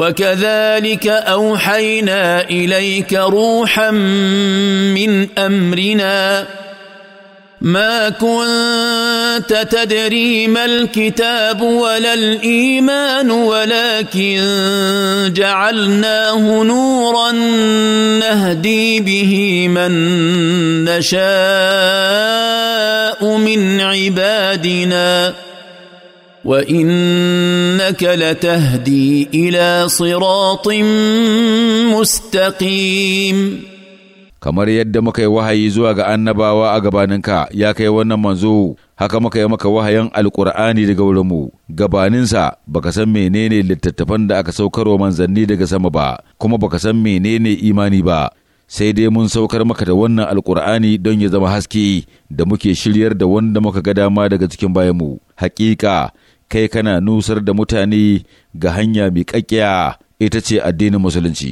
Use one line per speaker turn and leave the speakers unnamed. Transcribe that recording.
وكذلك اوحينا اليك روحا من امرنا ما كنت تدري ما الكتاب ولا الايمان ولكن جعلناه نورا نهدي به من نشاء من عبادنا وانك لتهدي الى صراط مستقيم kamar
yadda muka yi wahayi zuwa ga annabawa a gabaninka ya kai wannan manzo haka muka yi maka wahayin alkur'ani daga wurinmu gabaninsa baka san menene littattafan da aka saukarwa manzanni daga sama ba kuma baka san menene imani ba sai dai mun saukar maka da wannan alkur'ani don ya zama haske da muke shiryar da wanda muka ga dama daga cikin bayanmu hakika kai kana nusar da mutane ga hanya miƙaƙƙiya
ita ce addinin musulunci.